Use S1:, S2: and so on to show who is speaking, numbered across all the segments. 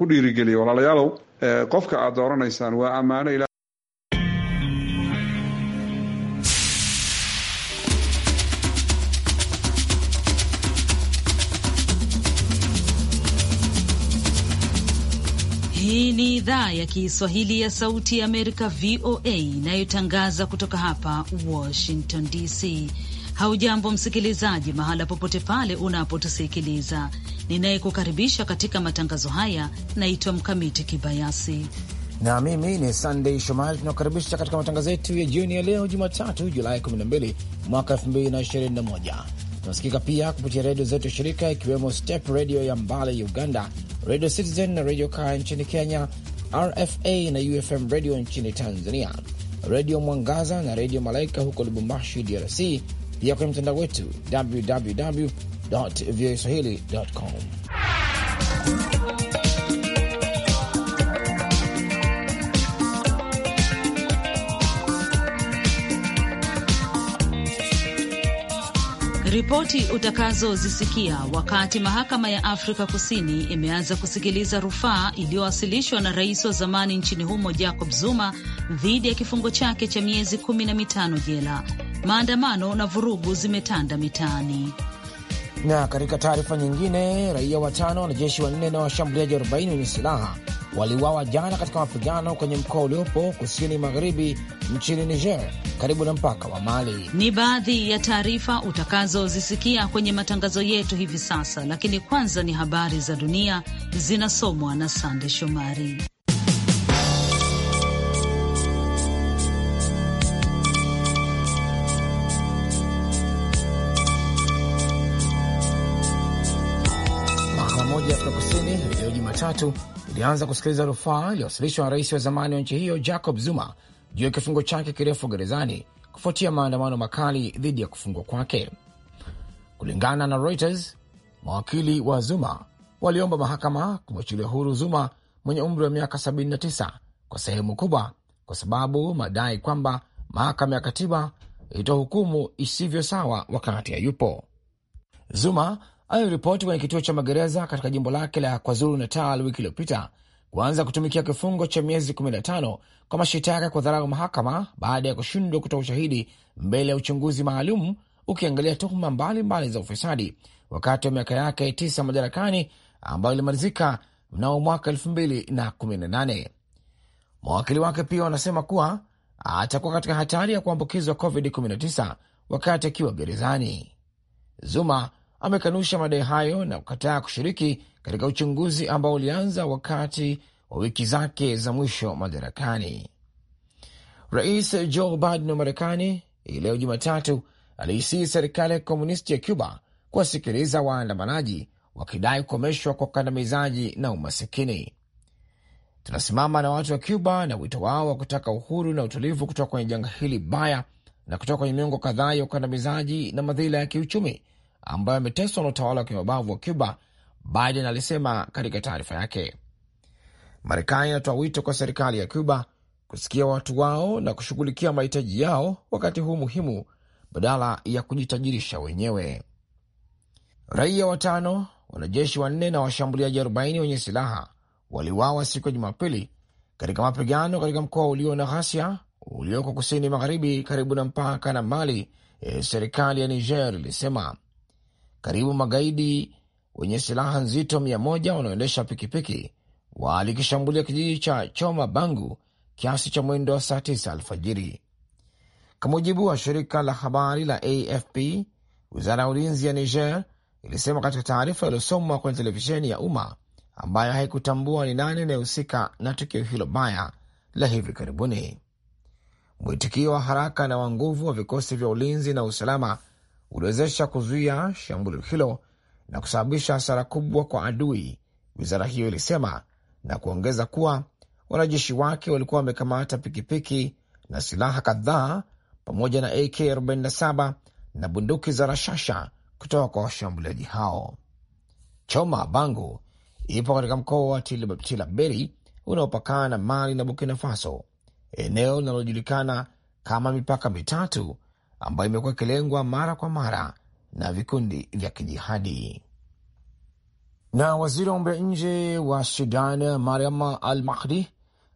S1: ku dhiirigeliya walaalayaalow eh, qofka aad dooranaysaan waa ammaano ilaa
S2: Hii ni idhaa ya Kiswahili ya Sauti ya Amerika, VOA, inayotangaza kutoka hapa Washington DC. Haujambo msikilizaji, mahala popote pale unapotusikiliza. Ninayekukaribisha katika matangazo haya naitwa Mkamiti Kibayasi
S3: na mimi ni sandey Shomari. Tunakukaribisha katika matangazo yetu ya jioni ya leo Jumatatu, Julai 12 mwaka 2021. Tunasikika pia kupitia redio zetu shirika, ikiwemo Step redio ya Mbale Uganda, redio Citizen na Redio Kaya nchini Kenya, RFA na UFM redio nchini Tanzania, Redio Mwangaza na Redio Malaika huko Lubumbashi, DRC, pia kwenye mtandao wetu www voa swahili com.
S2: Ripoti utakazozisikia wakati mahakama ya Afrika Kusini imeanza kusikiliza rufaa iliyowasilishwa na rais wa zamani nchini humo Jacob Zuma dhidi ya kifungo chake cha miezi kumi na mitano jela Maandamano na vurugu zimetanda mitaani.
S3: Na katika taarifa nyingine, raia watano, wanajeshi wanne na washambuliaji 40 wenye silaha waliuawa jana katika mapigano kwenye mkoa uliopo kusini magharibi nchini Niger, karibu na mpaka wa Mali.
S2: Ni baadhi ya taarifa utakazozisikia kwenye matangazo yetu hivi sasa, lakini kwanza ni habari za dunia zinasomwa na Sande Shomari.
S3: moja Afrika Kusini hivi leo Jumatatu ilianza kusikiliza rufaa iliyowasilishwa na rais wa zamani wa nchi hiyo Jacob Zuma juu ya kifungo chake kirefu gerezani kufuatia maandamano makali dhidi ya kufungwa kwake. Kulingana na Reuters, mawakili wa Zuma waliomba mahakama kumwachilia huru Zuma mwenye umri wa miaka 79 kwa sehemu kubwa kwa sababu madai kwamba mahakama ya katiba ilitoa hukumu isivyo sawa wakati hayupo. Zuma ayoripoti kwenye kituo cha magereza katika jimbo lake la KwaZulu Natal wiki iliyopita kuanza kutumikia kifungo cha miezi 15 kwa mashitaka ya kudharau mahakama baada ya kushindwa kutoa ushahidi mbele ya uchunguzi maalum ukiangalia tuhuma mbalimbali za ufisadi wakati wa miaka yake tisa madarakani ambayo ilimalizika mnamo mwaka 2018. Mawakili wake pia wanasema kuwa atakuwa katika hatari ya kuambukizwa COVID-19 wakati akiwa gerezani. Zuma amekanusha madai hayo na kukataa kushiriki katika uchunguzi ambao ulianza wakati wa wiki zake za mwisho madarakani. Rais Joe Biden wa Marekani hii leo Jumatatu aliisii serikali ya kikomunisti ya Cuba kuwasikiliza waandamanaji wakidai kukomeshwa kwa ukandamizaji na umasikini. Tunasimama na watu wa Cuba na wito wao wa kutaka uhuru na utulivu kutoka kwenye janga hili baya na kutoka kwenye miongo kadhaa ya ukandamizaji na madhila ya kiuchumi ambayo ameteswa na utawala wa kimabavu wa Cuba, Biden alisema katika taarifa yake. Marekani inatoa wito kwa serikali ya Cuba kusikia watu wao na kushughulikia mahitaji yao wakati huu muhimu, badala ya kujitajirisha wenyewe. Raia watano, wanajeshi wanne na washambuliaji 40 wenye silaha waliwawa siku ya Jumapili katika mapigano katika mkoa ulio na ghasia ulioko kusini magharibi karibu na mpaka na Mali. E, serikali ya Niger ilisema karibu magaidi wenye silaha nzito mia moja wanaoendesha pikipiki walikishambulia kijiji cha Choma Bangu kiasi cha mwendo wa saa tisa alfajiri, kwa mujibu wa shirika la habari la AFP. Wizara ya ulinzi ya Niger ilisema katika taarifa iliyosomwa kwenye televisheni ya umma ambayo haikutambua ni nani anayehusika na tukio hilo baya la hivi karibuni. Mwitikio wa haraka na wa nguvu wa vikosi vya ulinzi na usalama uliwezesha kuzuia shambulio hilo na kusababisha hasara kubwa kwa adui, wizara hiyo ilisema na kuongeza kuwa wanajeshi wake walikuwa wamekamata pikipiki na silaha kadhaa pamoja na AK47 na bunduki za rashasha kutoka kwa washambuliaji hao. Choma Bangu ipo katika mkoa wa Tilaberi unaopakana na Mali na Burkina Faso, eneo linalojulikana kama mipaka mitatu ambayo imekuwa ikilengwa mara kwa mara na vikundi vya kijihadi. Na waziri wa mambo ya nje wa Sudan Mariam Al Mahdi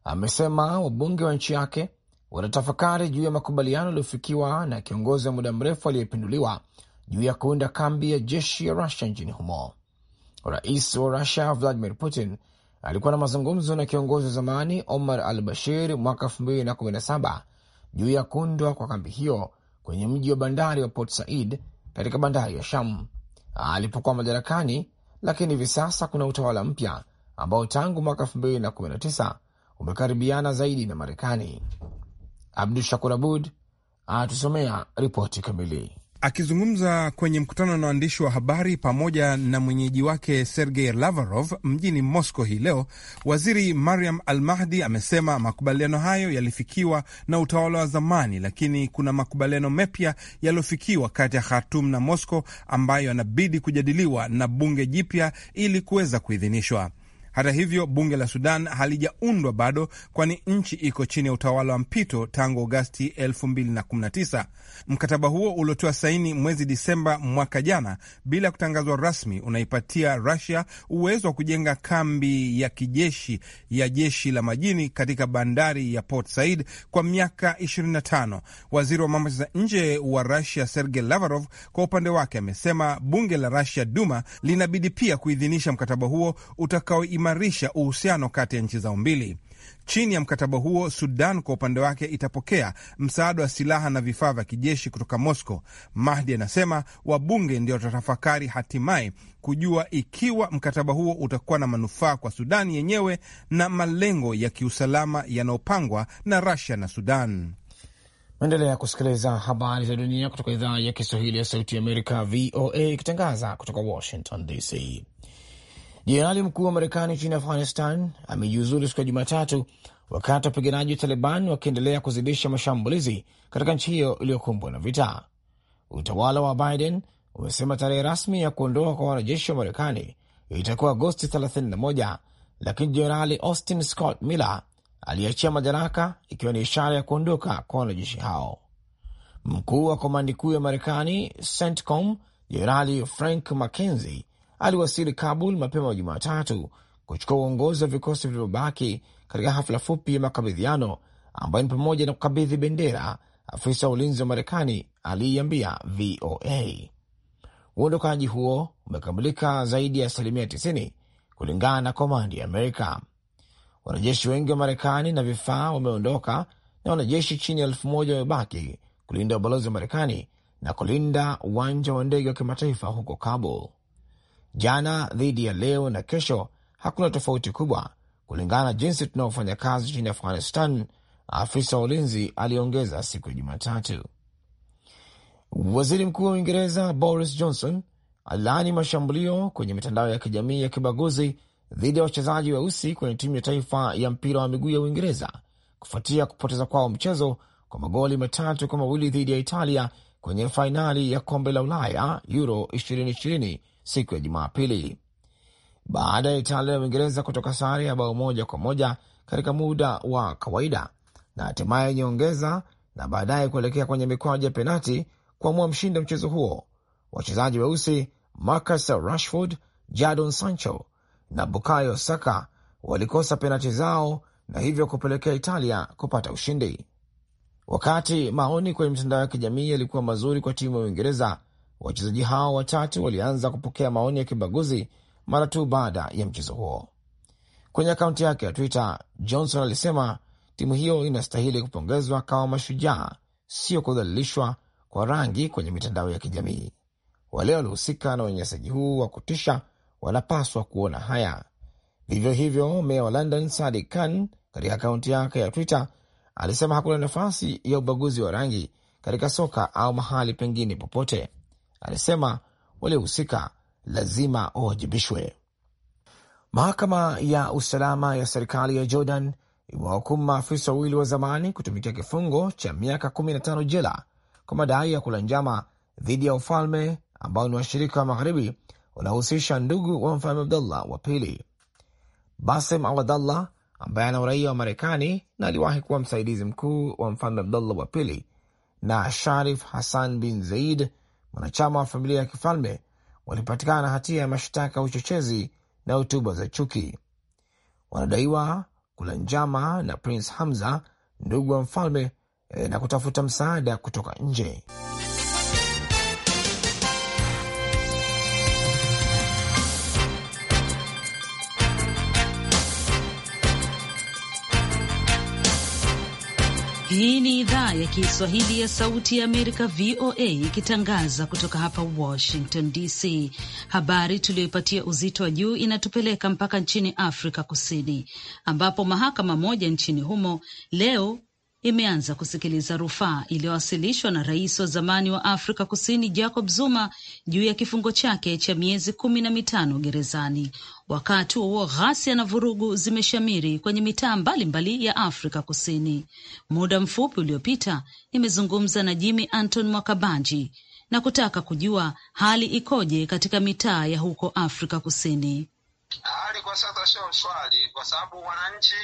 S3: amesema wabunge wa nchi yake wanatafakari juu ya makubaliano yaliyofikiwa na kiongozi wa muda mrefu aliyepinduliwa juu ya kuunda kambi ya jeshi ya Rusia nchini humo. Rais wa Rusia Vladimir Putin alikuwa na mazungumzo na kiongozi wa zamani Omar Al Bashir mwaka 2017 juu ya kuundwa kwa kambi hiyo kwenye mji wa bandari wa Port Said katika bandari ya Sham alipokuwa madarakani, lakini hivi sasa kuna utawala mpya ambao tangu mwaka 2019 umekaribiana zaidi na Marekani. Abdu Shakur Abud anatusomea ripoti kamili.
S1: Akizungumza kwenye mkutano na waandishi wa habari pamoja na mwenyeji wake Sergei Lavarov mjini Moscow hii leo, waziri Mariam Al Mahdi amesema makubaliano hayo yalifikiwa na utawala wa zamani, lakini kuna makubaliano mapya yaliyofikiwa kati ya Khartum na Moscow ambayo yanabidi kujadiliwa na bunge jipya ili kuweza kuidhinishwa. Hata hivyo, bunge la Sudan halijaundwa bado, kwani nchi iko chini ya utawala wa mpito tangu Agosti 2019. Mkataba huo uliotoa saini mwezi Disemba mwaka jana bila kutangazwa rasmi unaipatia rasia uwezo wa kujenga kambi ya kijeshi ya jeshi la majini katika bandari ya Port Said kwa miaka 25. Waziri wa mambo za nje wa rusia Sergei Lavrov kwa upande wake amesema bunge la rasia Duma linabidi pia kuidhinisha mkataba huo utakao kuimarisha uhusiano kati ya nchi zao mbili. Chini ya mkataba huo, Sudan kwa upande wake itapokea msaada wa silaha na vifaa vya kijeshi kutoka Moscow. Mahdi anasema wabunge ndio watatafakari hatimaye kujua ikiwa mkataba huo utakuwa na manufaa kwa Sudani yenyewe na malengo ya kiusalama yanayopangwa na rasia na Sudan. Naendelea kusikiliza habari
S3: za dunia kutoka idhaa ya Kiswahili ya Sauti ya Amerika, VOA, ikitangaza kutoka Washington DC. Jenerali mkuu wa Marekani nchini Afghanistan amejiuzulu siku ya Jumatatu wakati wapiganaji wa Taliban wakiendelea kuzidisha mashambulizi katika nchi hiyo iliyokumbwa na vita. Utawala wa Biden umesema tarehe rasmi ya kuondoka kwa wanajeshi wa Marekani itakuwa Agosti 31, lakini Jenerali Austin Scott Miller aliachia madaraka ikiwa ni ishara ya kuondoka kwa wanajeshi hao. Mkuu wa komandi kuu ya Marekani CENTCOM Jenerali Frank McKenzie aliwasili Kabul mapema Jumatatu kuchukua uongozi wa vikosi vilivyobaki katika hafla fupi ya makabidhiano ambayo ni pamoja na kukabidhi bendera. Afisa wa ulinzi wa Marekani aliiambia VOA uondokaji huo umekamilika zaidi ya asilimia 90 kulingana na komandi ya Amerika. Wanajeshi wengi wa Marekani na vifaa wameondoka na wanajeshi chini ya elfu moja wamebaki kulinda ubalozi wa Marekani na kulinda uwanja wa ndege wa kimataifa huko Kabul. Jana dhidi ya leo na kesho hakuna tofauti kubwa kulingana na jinsi tunaofanya kazi nchini Afghanistan, afisa wa ulinzi aliongeza siku ya Jumatatu. Waziri Mkuu wa Uingereza Boris Johnson alilaani mashambulio kwenye mitandao ya kijamii ya kibaguzi dhidi ya wachezaji weusi kwenye timu ya taifa ya mpira wa miguu ya Uingereza kufuatia kupoteza kwao mchezo kwa magoli matatu kwa mawili dhidi ya Italia kwenye fainali ya kombe la Ulaya Euro 2020 siku ya Jumapili baada ya Italia na Uingereza kutoka sare ya bao moja kwa moja katika muda wa kawaida na hatimaye nyongeza na baadaye kuelekea kwenye mikwaju ya penati kuamua mshindi mchezo huo. Wachezaji weusi Marcus Rashford, Jadon Sancho na Bukayo Saka walikosa penati zao na hivyo kupelekea Italia kupata ushindi. Wakati maoni kwenye mitandao ya kijamii yalikuwa mazuri kwa timu ya Uingereza Wachezaji hao watatu walianza kupokea maoni ya kibaguzi mara tu baada ya mchezo huo. Kwenye akaunti yake ya Twitter, Johnson alisema timu hiyo inastahili kupongezwa kama mashujaa, sio kudhalilishwa kwa rangi kwenye mitandao ya kijamii. Wale waliohusika na unyanyasaji huu wa kutisha wanapaswa kuona haya. Vivyo hivyo, meya wa London Sadiq Khan katika akaunti yake ya Twitter alisema hakuna nafasi ya ubaguzi wa rangi katika soka au mahali pengine popote alisema waliohusika lazima wawajibishwe. Mahakama ya usalama ya serikali ya Jordan imewahukumu maafisa wawili wa zamani kutumikia kifungo cha miaka 15 jela kwa madai ya kula njama dhidi ya ufalme ambao ni washirika wa magharibi unaohusisha ndugu wa mfalme Abdullah wa pili. Basem Al Abdallah ambaye ana uraia wa Marekani na aliwahi kuwa msaidizi mkuu wa mfalme Abdullah wa pili na Sharif Hassan bin Zaid mwanachama wa familia ya kifalme walipatikana na hatia ya mashtaka ya uchochezi na hotuba za chuki. Wanadaiwa kula njama na Prince Hamza, ndugu wa mfalme, eh, na kutafuta msaada kutoka nje.
S2: Hii ni idhaa ya Kiswahili ya Sauti ya Amerika, VOA, ikitangaza kutoka hapa Washington DC. Habari tuliyoipatia uzito wa juu inatupeleka mpaka nchini Afrika Kusini, ambapo mahakama moja nchini humo leo imeanza kusikiliza rufaa iliyowasilishwa na rais wa zamani wa Afrika Kusini Jacob Zuma juu ya kifungo chake cha miezi kumi na mitano gerezani. Wakati huo ghasia na vurugu zimeshamiri kwenye mitaa mbalimbali ya Afrika Kusini. Muda mfupi uliopita, nimezungumza na Jimmy Anton Mwakabanji na kutaka kujua hali ikoje katika mitaa ya huko Afrika Kusini.
S4: Hali kwa sasa sio swali, kwa sababu wananchi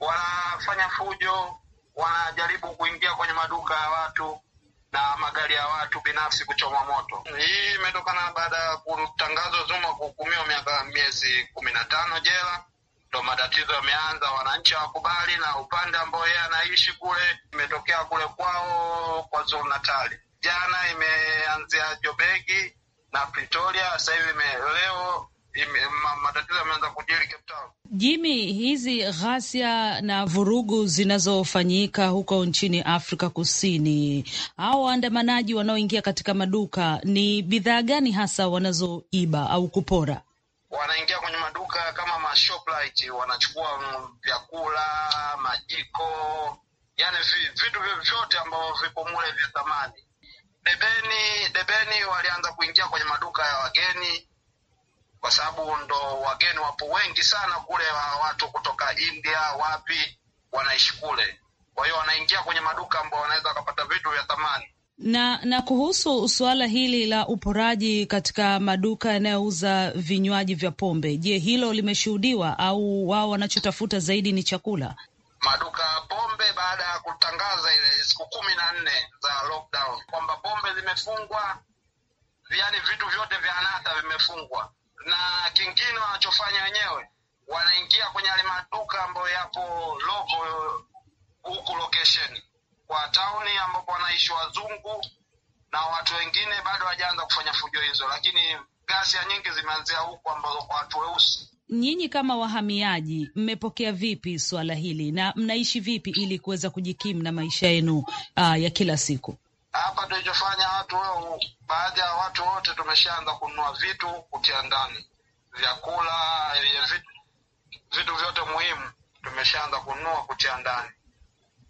S4: wanafanya fujo wanajaribu kuingia kwenye maduka ya watu na magari ya watu binafsi kuchoma moto. Hii imetokana baada ya kutangazwa Zuma kuhukumiwa miaka miezi kumi na tano jela, ndo matatizo yameanza. Wananchi hawakubali na upande ambao yeye anaishi kule, imetokea kule kwao kwa Zulu Natali. Jana imeanzia Jobegi na
S2: Pretoria, sasa hivi leo matatizo yameanza kujiri Cape Town. hizi ghasia na vurugu zinazofanyika huko nchini Afrika Kusini, hao waandamanaji wanaoingia katika maduka ni bidhaa gani hasa wanazoiba au kupora? Wanaingia
S4: kwenye maduka kama mashoplite, wanachukua vyakula, majiko, yani vitu vyote ambavyo vipo mule vya thamani. Debeni, debeni walianza kuingia kwenye maduka ya wageni kwa sababu ndo wageni wapo wengi sana kule, watu kutoka India wapi wanaishi kule, kwa hiyo wanaingia kwenye maduka ambao wanaweza wakapata vitu vya thamani
S2: na na kuhusu suala hili la uporaji katika maduka yanayouza vinywaji vya pombe, je, hilo limeshuhudiwa au wao wanachotafuta zaidi ni chakula? Maduka ya pombe baada ya kutangaza ile siku kumi na nne za
S4: lockdown kwamba pombe zimefungwa, yani vitu vyote vya anasa vimefungwa, na kingine wanachofanya wenyewe, wanaingia kwenye yale maduka ambayo yapo loko huku location kwa tauni ambapo wanaishi wazungu na watu wengine bado hawajaanza kufanya fujo hizo, lakini ghasia nyingi zimeanzia huku ambazo kwa watu weusi.
S2: Nyinyi kama wahamiaji mmepokea vipi swala hili na mnaishi vipi ili kuweza kujikimu na maisha yenu uh, ya kila siku?
S4: hapa ndio watu wao, baadhi ya watu wote tumeshaanza kununua vitu kutia ndani, vyakula, eh, vitu, vitu vyote muhimu tumeshaanza kununua kutia ndani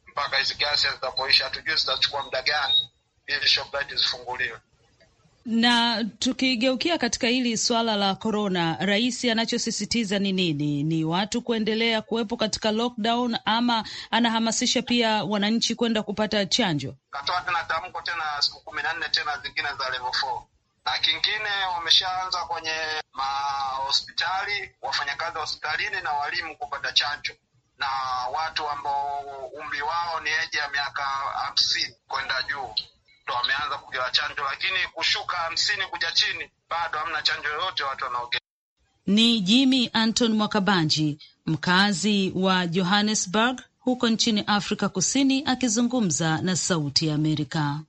S4: mpaka hizi gasi zitapoisha. Hatujui zitachukua muda gani ili shoprite zifunguliwe.
S2: Na tukigeukia katika hili swala la korona, rais anachosisitiza ni nini? Ni watu kuendelea kuwepo katika lockdown, ama anahamasisha pia wananchi kwenda kupata chanjo?
S4: Katoa tena tamko tena siku kumi na nne tena zingine za level four na kingine wameshaanza kwenye mahospitali, wafanyakazi wa hospitalini na walimu kupata chanjo, na watu ambao umri wao ni eji ya miaka hamsini kwenda juu wameanza kugewa chanjo, lakini kushuka hamsini kuja chini bado hamna chanjo yoyote watu wanaogea.
S2: Ni Jimmy Anton Mwakabanji, mkazi wa Johannesburg huko nchini Afrika Kusini, akizungumza na Sauti ya Amerika.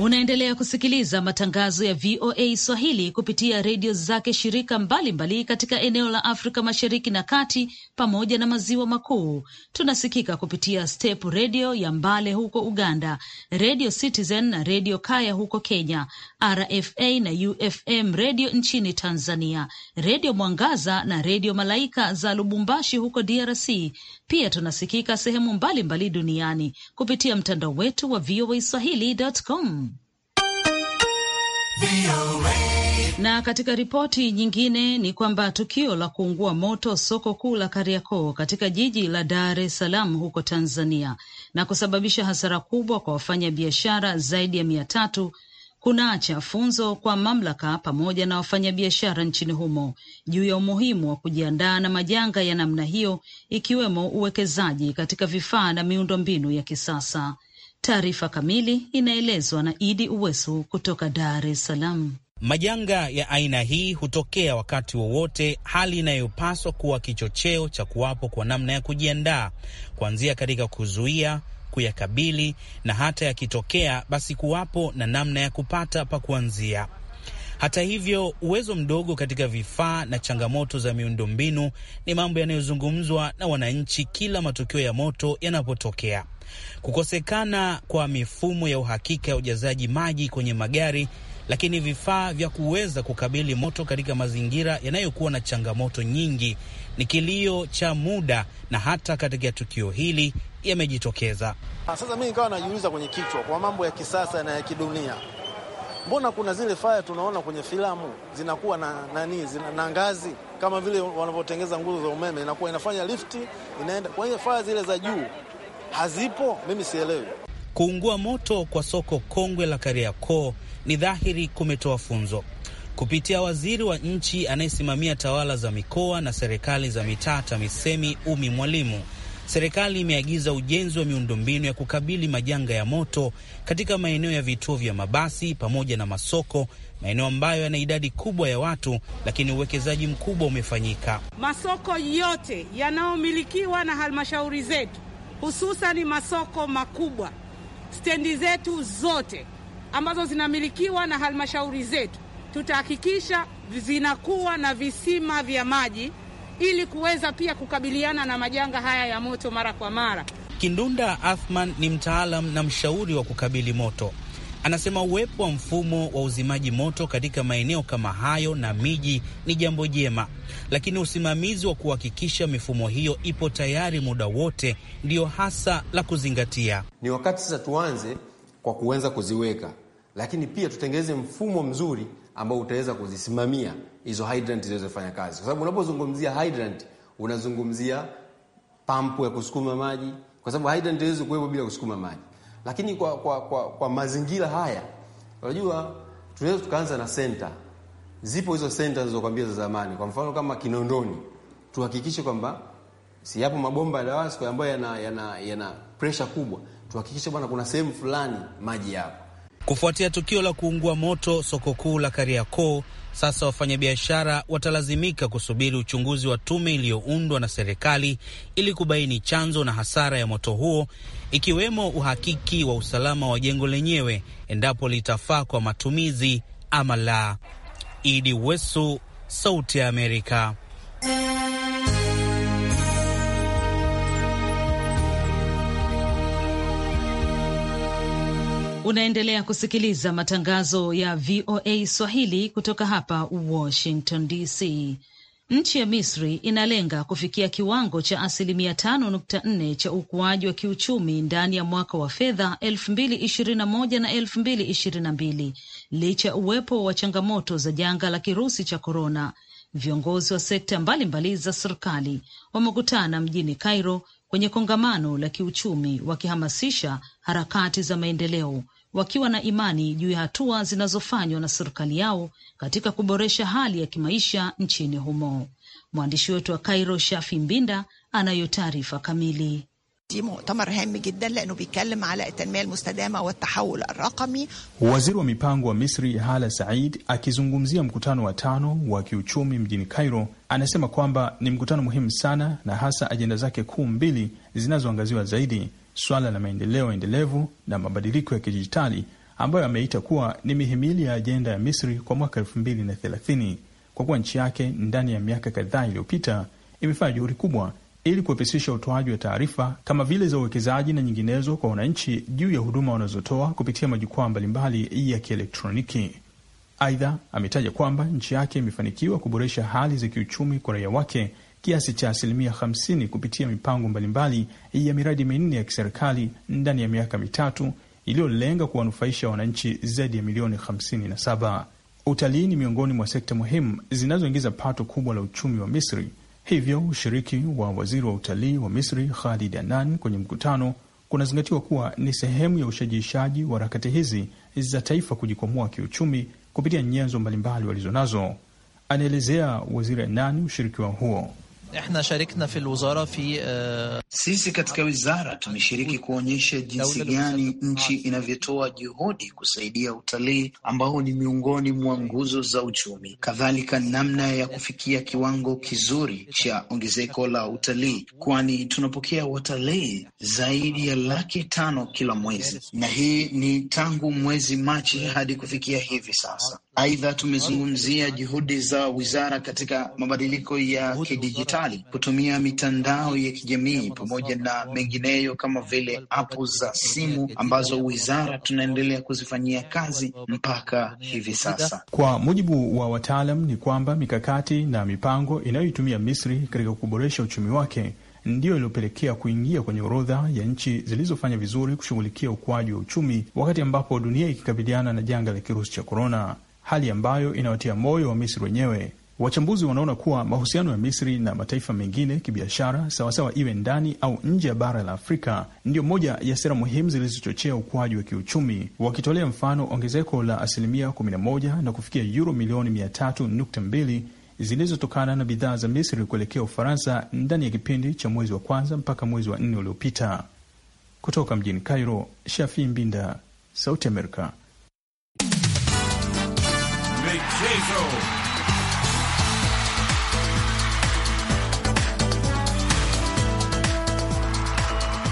S2: Unaendelea kusikiliza matangazo ya VOA Swahili kupitia redio zake shirika mbalimbali mbali katika eneo la Afrika Mashariki na Kati pamoja na Maziwa Makuu. Tunasikika kupitia Step Redio ya Mbale huko Uganda, Redio Citizen na Redio Kaya huko Kenya, RFA na UFM Redio nchini Tanzania, Redio Mwangaza na Redio Malaika za Lubumbashi huko DRC, pia tunasikika sehemu mbalimbali mbali duniani kupitia mtandao wetu wa VOA Swahili.com. Na katika ripoti nyingine ni kwamba tukio la kuungua moto soko kuu la Kariakoo katika jiji la Dar es Salaam huko Tanzania na kusababisha hasara kubwa kwa wafanyabiashara zaidi ya mia tatu kunaacha funzo kwa mamlaka pamoja na wafanyabiashara nchini humo juu ya umuhimu wa kujiandaa na majanga ya namna hiyo, ikiwemo uwekezaji katika vifaa na miundombinu ya kisasa. Taarifa kamili inaelezwa na Idi Uwesu kutoka Dar es Salaam.
S5: Majanga ya aina hii hutokea wakati wowote, hali inayopaswa kuwa kichocheo cha kuwapo kwa namna ya kujiandaa, kuanzia katika kuzuia kuyakabili na hata yakitokea basi kuwapo na namna ya kupata pa kuanzia. Hata hivyo, uwezo mdogo katika vifaa na changamoto za miundombinu ni mambo yanayozungumzwa na wananchi kila matukio ya moto yanapotokea. Kukosekana kwa mifumo ya uhakika ya ujazaji maji kwenye magari lakini vifaa vya kuweza kukabili moto katika mazingira yanayokuwa na changamoto nyingi ni kilio cha muda, na hata katika tukio hili yamejitokeza.
S6: Ah, sasa mi nikawa najiuliza kwenye kichwa, kwa mambo ya kisasa na ya kidunia,
S7: mbona kuna zile faya tunaona kwenye filamu zinakuwa na nani, zina, na ngazi
S6: kama vile wanavyotengeza nguzo za umeme, inakuwa inafanya lifti inaenda hiyo faya zile za juu, hazipo. Mimi sielewi.
S5: Kuungua moto kwa soko kongwe la Kariakoo ni dhahiri kumetoa funzo kupitia waziri wa nchi anayesimamia tawala za mikoa na serikali za mitaa TAMISEMI, Umi Mwalimu serikali imeagiza ujenzi wa miundombinu ya kukabili majanga ya moto katika maeneo ya vituo vya mabasi pamoja na masoko, maeneo ambayo yana idadi kubwa ya watu, lakini uwekezaji mkubwa umefanyika. Masoko yote yanayomilikiwa na halmashauri zetu, hususan masoko makubwa, stendi zetu zote ambazo zinamilikiwa na halmashauri zetu tutahakikisha zinakuwa na visima vya maji ili kuweza pia kukabiliana na majanga haya ya moto mara kwa mara. Kindunda Athman ni mtaalam na mshauri wa kukabili moto. Anasema uwepo wa mfumo wa uzimaji moto katika maeneo kama hayo na miji ni jambo jema, lakini usimamizi wa kuhakikisha mifumo hiyo ipo tayari muda wote ndiyo hasa la kuzingatia.
S7: Ni wakati sasa tuanze kwa kuweza kuziweka, lakini pia tutengeneze mfumo mzuri ambao utaweza kuzisimamia hizo hydrant ziweze kufanya kazi, kwa sababu unapozungumzia hydrant unazungumzia pampu ya kusukuma maji, kwa sababu hydrant haiwezi kuwepo bila kusukuma maji. Lakini kwa, kwa, kwa, kwa mazingira haya unajua, tunaweza tukaanza na senta. Zipo hizo senta zilizokwambia za zamani, kwa mfano kama Kinondoni, tuhakikishe kwamba si yapo mabomba ya Dawasco ambayo yana, yana, yana presha kubwa, tuhakikishe bwana kuna sehemu fulani maji yapo
S5: Kufuatia tukio la kuungua moto soko kuu la Kariakoo, sasa wafanyabiashara watalazimika kusubiri uchunguzi wa tume iliyoundwa na serikali ili kubaini chanzo na hasara ya moto huo, ikiwemo uhakiki wa usalama wa jengo lenyewe, endapo litafaa kwa matumizi ama la. Idi Wesu, Sauti ya Amerika.
S2: Unaendelea kusikiliza matangazo ya VOA Swahili kutoka hapa Washington DC. Nchi ya Misri inalenga kufikia kiwango cha asilimia tano nukta nne cha ukuaji wa kiuchumi ndani ya mwaka wa fedha elfu mbili ishirini na moja na elfu mbili ishirini na mbili licha uwepo wa changamoto za janga la kirusi cha korona. Viongozi wa sekta mbalimbali mbali za serikali wamekutana mjini Cairo kwenye kongamano la kiuchumi wakihamasisha harakati za maendeleo wakiwa na imani juu ya hatua zinazofanywa na serikali yao katika kuboresha hali ya kimaisha nchini humo. Mwandishi wetu wa Cairo, Shafi Mbinda, anayo taarifa kamili. دي مؤتمر هام جدا لأنه بيتكلم على التنمية المستدامة والتحول الرقمي.
S8: Waziri wa mipango wa Misri Hala Said akizungumzia mkutano wa tano wa kiuchumi mjini Cairo anasema kwamba ni mkutano muhimu sana na hasa ajenda zake kuu mbili zinazoangaziwa zaidi, swala la maendeleo endelevu na mabadiliko ya kidijitali ambayo ameita kuwa ni mihimili ya ajenda ya Misri kwa mwaka elfu mbili na thelathini kwa kuwa nchi yake ndani ya miaka kadhaa iliyopita imefanya juhudi kubwa ili kuwepesisha utoaji wa taarifa kama vile za uwekezaji na nyinginezo kwa wananchi juu ya huduma wanazotoa kupitia majukwaa mbalimbali ya kielektroniki. Aidha, ametaja kwamba nchi yake imefanikiwa kuboresha hali za kiuchumi kwa raia wake kiasi cha asilimia 50 kupitia mipango mbalimbali ya miradi minne ya kiserikali ndani ya miaka mitatu iliyolenga kuwanufaisha wananchi zaidi ya milioni 57. Utalii ni miongoni mwa sekta muhimu zinazoingiza pato kubwa la uchumi wa Misri Hivyo ushiriki wa waziri wa utalii wa Misri Khalid Anan kwenye mkutano kunazingatiwa kuwa ni sehemu ya ushajiishaji wa harakati hizi za taifa kujikwamua kiuchumi kupitia nyenzo mbalimbali walizonazo, anaelezea waziri Anan ushiriki huo.
S7: Ihna sharikna fil wizara fi, sisi katika wizara
S3: tumeshiriki kuonyesha jinsi gani nchi
S5: inavyotoa juhudi kusaidia utalii
S3: ambao ni miongoni mwa nguzo za uchumi, kadhalika namna ya kufikia kiwango kizuri cha ongezeko la utalii, kwani tunapokea watalii zaidi ya laki tano kila mwezi, na hii ni tangu mwezi Machi hadi kufikia hivi sasa. Aidha, tumezungumzia juhudi za wizara katika mabadiliko ya kidijitali serikali kutumia mitandao ya kijamii pamoja na mengineyo kama vile apu za simu ambazo wizara tunaendelea kuzifanyia kazi mpaka hivi sasa.
S8: Kwa mujibu wa wataalam, ni kwamba mikakati na mipango inayoitumia Misri katika kuboresha uchumi wake ndiyo iliyopelekea kuingia kwenye orodha ya nchi zilizofanya vizuri kushughulikia ukuaji wa uchumi wakati ambapo dunia ikikabiliana na janga la kirusi cha korona, hali ambayo inawatia moyo wa Misri wenyewe Wachambuzi wanaona kuwa mahusiano ya Misri na mataifa mengine kibiashara, sawasawa iwe ndani au nje ya bara la Afrika, ndiyo moja ya sera muhimu zilizochochea ukuaji wa kiuchumi, wakitolea mfano ongezeko la asilimia 11 na kufikia yuro milioni 300.2 zilizotokana na bidhaa za Misri kuelekea Ufaransa ndani ya kipindi cha mwezi wa kwanza mpaka mwezi wa nne uliopita. Kutoka mjini Cairo, Shafi Mbinda, Sauti Amerika.
S9: Michezo.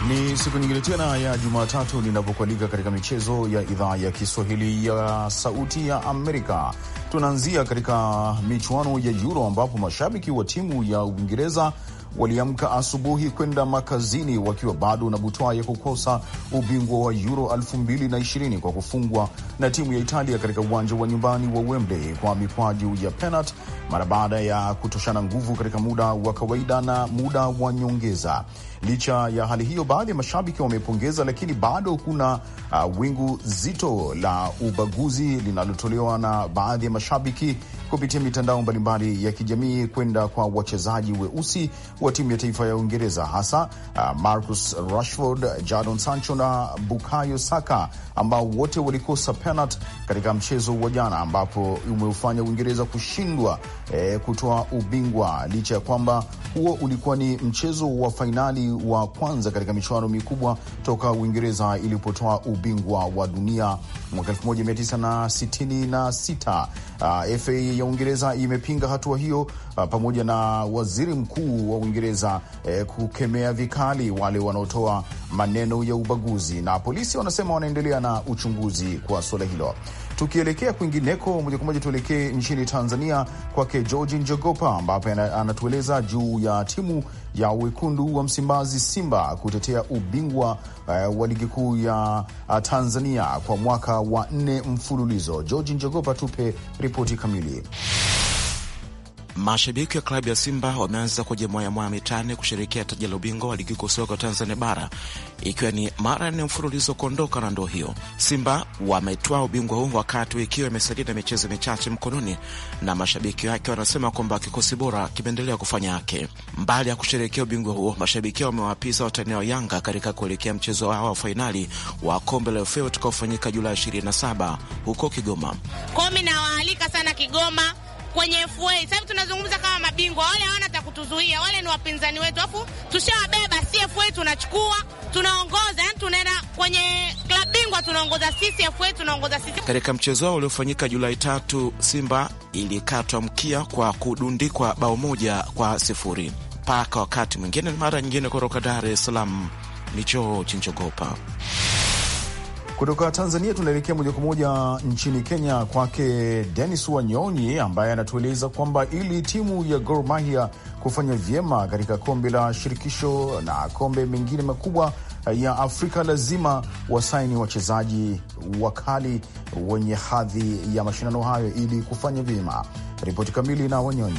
S9: Ni
S6: siku nyingine tena ya Jumatatu ninapokualika katika michezo ya idhaa ya Kiswahili ya Sauti ya Amerika. Tunaanzia katika michuano ya Euro ambapo mashabiki wa timu ya Uingereza waliamka asubuhi kwenda makazini wakiwa bado na butwaa ya kukosa ubingwa wa Euro 2020 kwa kufungwa na timu ya Italia katika uwanja wa nyumbani wa Wembley kwa mikwaju ya penalti mara baada ya kutoshana nguvu katika muda wa kawaida na muda wa nyongeza. Licha ya hali hiyo, baadhi ya mashabiki wamepongeza, lakini bado kuna uh, wingu zito la ubaguzi linalotolewa na baadhi ya mashabiki kupitia mitandao mbalimbali ya kijamii kwenda kwa wachezaji weusi wa timu ya taifa ya Uingereza, hasa uh, Marcus Rashford, Jadon Sancho na Bukayo Saka ambao wote walikosa penalti katika mchezo wa jana, ambapo umeufanya Uingereza kushindwa e, kutoa ubingwa licha ya kwamba huo ulikuwa ni mchezo wa fainali wa kwanza katika michuano mikubwa toka Uingereza ilipotoa ubingwa wa dunia mwaka 1966. Uh, FA ya Uingereza imepinga hatua hiyo uh, pamoja na waziri mkuu wa Uingereza eh, kukemea vikali wale wanaotoa maneno ya ubaguzi, na polisi wanasema wanaendelea na uchunguzi kwa suala hilo. Tukielekea kwingineko, moja kwa moja tuelekee nchini Tanzania, kwake Georgi Njogopa ambapo anatueleza juu ya timu ya wekundu wa Msimbazi Simba kutetea ubingwa uh, wa ligi kuu ya uh, Tanzania kwa mwaka wa nne mfululizo. Georgi Njogopa, tupe ripoti kamili.
S7: Mashabiki wa klabu ya Simba wameanza moya mitane kusherekea taji la ubingwa wa ligi kuu soka Tanzania bara ikiwa ni mara nne mfululizo kuondoka na ndoo hiyo. Simba wametwaa ubingwa huu wakati ikiwa hiyo imesalia na michezo michache mkononi, na mashabiki wake wanasema kwamba kikosi bora kimeendelea kufanya yake. Mbali ya kusherekea ubingwa huo, mashabiki wamewapiza watani wa Yanga katika kuelekea mchezo wao wa fainali wa kombe la FA utakaofanyika Julai 27 huko Kigoma.
S2: Kwa mi nawaalika sana Kigoma kwenye FA hivi tunazungumza kama mabingwa, wale hawana cha kutuzuia, wale ni wapinzani wetu, alafu tushawabeba CFA, tunachukua tunaongoza, yani tunaenda kwenye klabu bingwa, tunaongoza sisi, FA tunaongoza sisi.
S7: Katika mchezo wao uliofanyika Julai tatu, Simba ilikatwa mkia kwa kudundikwa bao moja kwa sifuri. Mpaka wakati mwingine, mara nyingine, kutoka Dar es Salaam ni Choo Chinchogopa.
S6: Kutoka Tanzania tunaelekea moja kwa moja nchini Kenya, kwake Denis Wanyonyi ambaye anatueleza kwamba ili timu ya Gor Mahia kufanya vyema katika kombe la shirikisho na kombe mengine makubwa eh, ya Afrika lazima wasaini wachezaji wakali wenye hadhi ya mashindano hayo ili kufanya vyema. Ripoti kamili na Wanyonyi.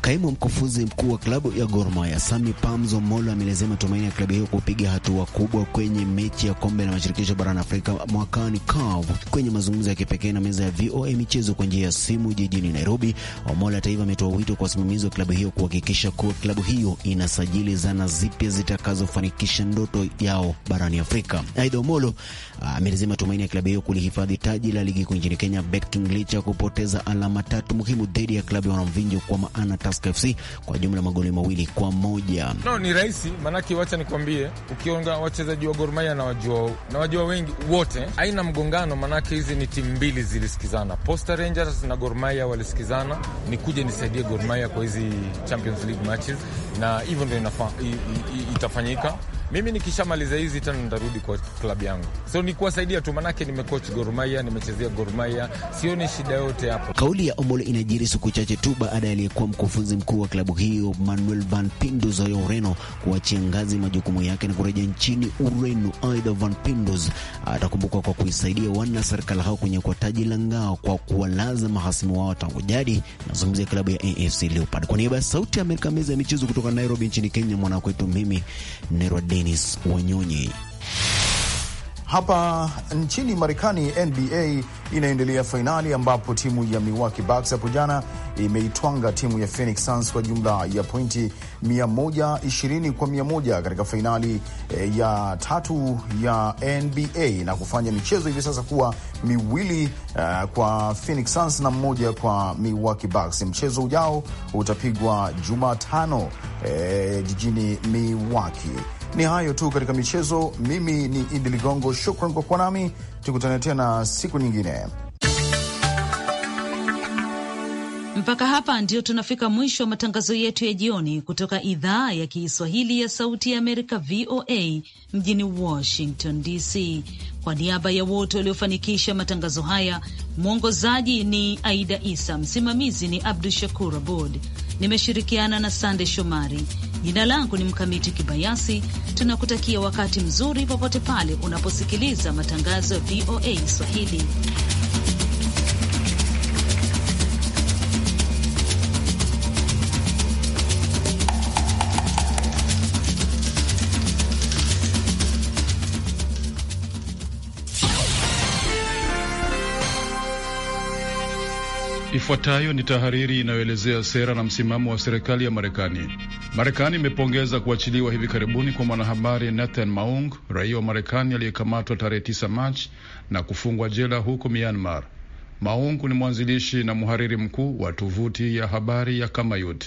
S7: Kaimu mkufunzi mkuu wa klabu ya Gor Mahia Sami Pamzo Molo ameelezea matumaini ya klabu hiyo kupiga hatua kubwa kwenye mechi ya kombe la mashirikisho barani Afrika mwakani CAF. Kwenye mazungumzo ya kipekee na meza ya VOA michezo kwa njia ya simu jijini Nairobi, Omolo hata hivyo ametoa wito kwa wasimamizi wa klabu hiyo kuhakikisha kuwa klabu hiyo inasajili zana zipya zitakazofanikisha ndoto yao barani Afrika. Aidha, Omolo ah, ameelezea matumaini ya klabu hiyo kulihifadhi taji la ligi kuu nchini Kenya BetKing licha ya kupoteza alama tatu muhimu dhidi ya klabu ya wanamvinjo kwa maana Tusker FC kwa jumla magoli mawili kwa moja.
S3: No, ni rahisi maanake, wacha nikuambie, ukiona wachezaji wa Gor Mahia na wajua wengi wote, haina mgongano, maanake hizi ni timu mbili zilisikizana. Posta Rangers na Gor Mahia walisikizana, nikuje nisaidie Gor Mahia kwa hizi Champions League matches, na hivyo ndio itafanyika. Mimi nikishamaliza hizi tena nitarudi kwa klabu yangu, so ni kuwasaidia tu, maanake nimecoach Gor Mahia, nimechezea Gor Mahia, sioni shida yote hapo.
S7: Kauli ya Omolo inajiri siku chache tu baada ya aliyekuwa mkufunzi mkufunzi mkuu wa klabu hiyo Manuel Van Pindos wa Ureno kuachia ngazi majukumu yake na kurejea nchini Ureno. Aidha, Van Pindos atakumbukwa kwa kuisaidia wana serikali hao kwa taji la ngao kwa kuwalaza mahasimu wao tangu jadi. Nazungumzia klabu ya AFC Leopards. Kwa niaba ya Sauti ya Amerika, meza ya michezo kutoka Nairobi nchini Kenya, mwanakwetu mimi Nerwa Dennis
S6: Wanyonyi. Hapa nchini Marekani, NBA inaendelea fainali, ambapo timu ya Milwaukee Bucks hapo jana imeitwanga timu ya Phoenix Suns kwa jumla ya pointi 120 kwa 100 katika fainali eh, ya tatu ya NBA na kufanya michezo hivi sasa kuwa miwili uh, kwa Phoenix Suns na mmoja kwa Milwaukee Bucks. Mchezo ujao utapigwa Jumatano eh, jijini Milwaukee. Ni hayo tu katika michezo. Mimi ni Idi Ligongo, shukran kwa kuwa nami, tukutane tena siku nyingine.
S2: Mpaka hapa ndio tunafika mwisho wa matangazo yetu ya jioni kutoka idhaa ya Kiswahili ya Sauti ya Amerika, VOA mjini Washington DC. Kwa niaba ya wote waliofanikisha matangazo haya, mwongozaji ni Aida Isa, msimamizi ni Abdu Shakur Abod, nimeshirikiana na Sande Shomari. Jina langu ni Mkamiti Kibayasi. Tunakutakia wakati mzuri popote pale unaposikiliza matangazo ya VOA Swahili.
S9: Ifuatayo ni tahariri inayoelezea sera na msimamo wa serikali ya Marekani. Marekani imepongeza kuachiliwa hivi karibuni kwa mwanahabari Nathan Maung, raia wa Marekani aliyekamatwa tarehe 9 Machi na kufungwa jela huko Myanmar. Maung ni mwanzilishi na mhariri mkuu wa tovuti ya habari ya Kamayut.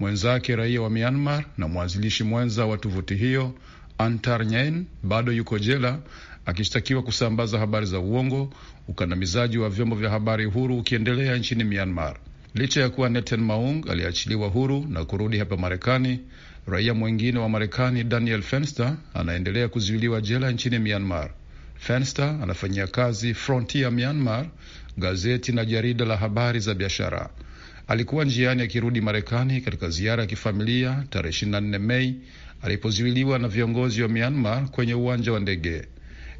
S9: Mwenzake raia wa Myanmar na mwanzilishi mwenza wa tovuti hiyo Antar Nyen bado yuko jela akishtakiwa kusambaza habari za uongo ukandamizaji wa vyombo vya habari huru ukiendelea nchini Myanmar. Licha ya kuwa Neten Maung aliachiliwa huru na kurudi hapa Marekani, raia mwingine wa Marekani Daniel Fenster anaendelea kuzuiliwa jela nchini Myanmar. Fenster anafanyia kazi Frontier Myanmar, gazeti na jarida la habari za biashara. Alikuwa njiani akirudi Marekani katika ziara ya kifamilia tarehe 24 Mei alipozuiliwa na viongozi wa Myanmar kwenye uwanja wa ndege.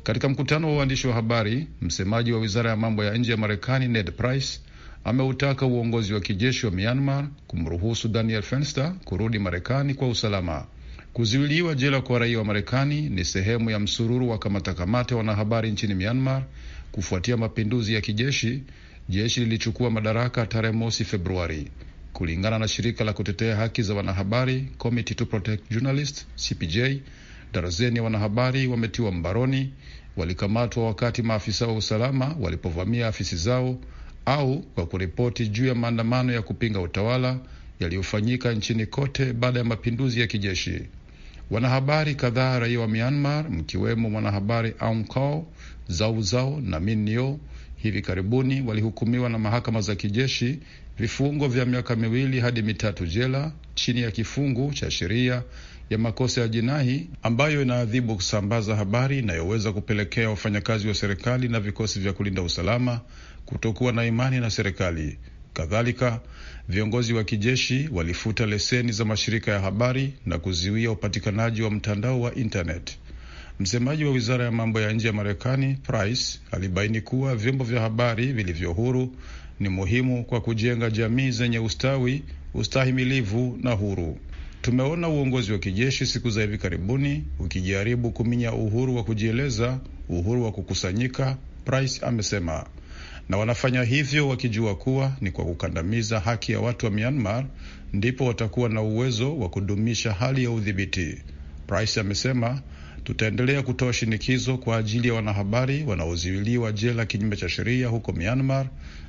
S9: Katika mkutano wa waandishi wa habari, msemaji wa wizara ya mambo ya nje ya Marekani Ned Price ameutaka uongozi wa kijeshi wa Myanmar kumruhusu Daniel Fenster kurudi Marekani kwa usalama. Kuzuiliwa jela kwa raia wa Marekani ni sehemu ya msururu wa kamatakamata wanahabari nchini Myanmar kufuatia mapinduzi ya kijeshi. Jeshi lilichukua madaraka tarehe mosi Februari. Kulingana na shirika la kutetea haki za wanahabari Committee to Protect Journalists, CPJ, Darazeni ya wanahabari wametiwa mbaroni, walikamatwa wakati maafisa wa usalama walipovamia afisi zao au kwa kuripoti juu ya maandamano ya kupinga utawala yaliyofanyika nchini kote baada ya mapinduzi ya kijeshi. Wanahabari kadhaa raia wa Myanmar, mkiwemo mwanahabari Aung Kyaw na Min hivi karibuni walihukumiwa na mahakama za kijeshi vifungo vya miaka miwili hadi mitatu jela chini ya kifungu cha sheria ya makosa ya jinai ambayo inaadhibu kusambaza habari inayoweza kupelekea wafanyakazi wa serikali na vikosi vya kulinda usalama kutokuwa na imani na serikali. Kadhalika, viongozi wa kijeshi walifuta leseni za mashirika ya habari na kuzuia upatikanaji wa mtandao wa intanet. Msemaji wa wizara ya mambo ya nje ya Marekani Price alibaini kuwa vyombo vya habari vilivyo huru ni muhimu kwa kujenga jamii zenye ustawi, ustahimilivu na huru. Tumeona uongozi wa kijeshi siku za hivi karibuni ukijaribu kuminya uhuru wa kujieleza, uhuru wa kukusanyika, Price amesema, na wanafanya hivyo wakijua kuwa ni kwa kukandamiza haki ya watu wa Myanmar ndipo watakuwa na uwezo wa kudumisha hali ya udhibiti. Price amesema, tutaendelea kutoa shinikizo kwa ajili ya wanahabari wanaozuiliwa jela kinyume cha sheria huko Myanmar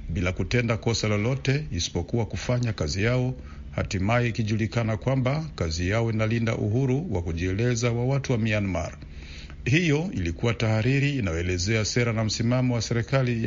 S9: bila kutenda kosa lolote isipokuwa kufanya kazi yao hatimaye ikijulikana kwamba kazi yao inalinda uhuru wa kujieleza wa watu wa Myanmar. Hiyo ilikuwa tahariri inayoelezea sera na msimamo wa serikali ya